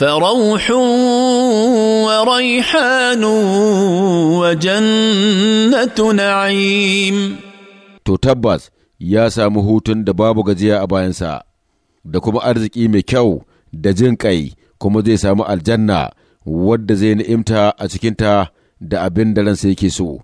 فروح وريحان وجنة نعيم to tabbas ya samu hutun da babu gajiya a bayansa da kuma arziki mai kyau da jin ƙai kuma zai samu aljanna wadda zai ni'imta a cikinta da abin da ransa yake so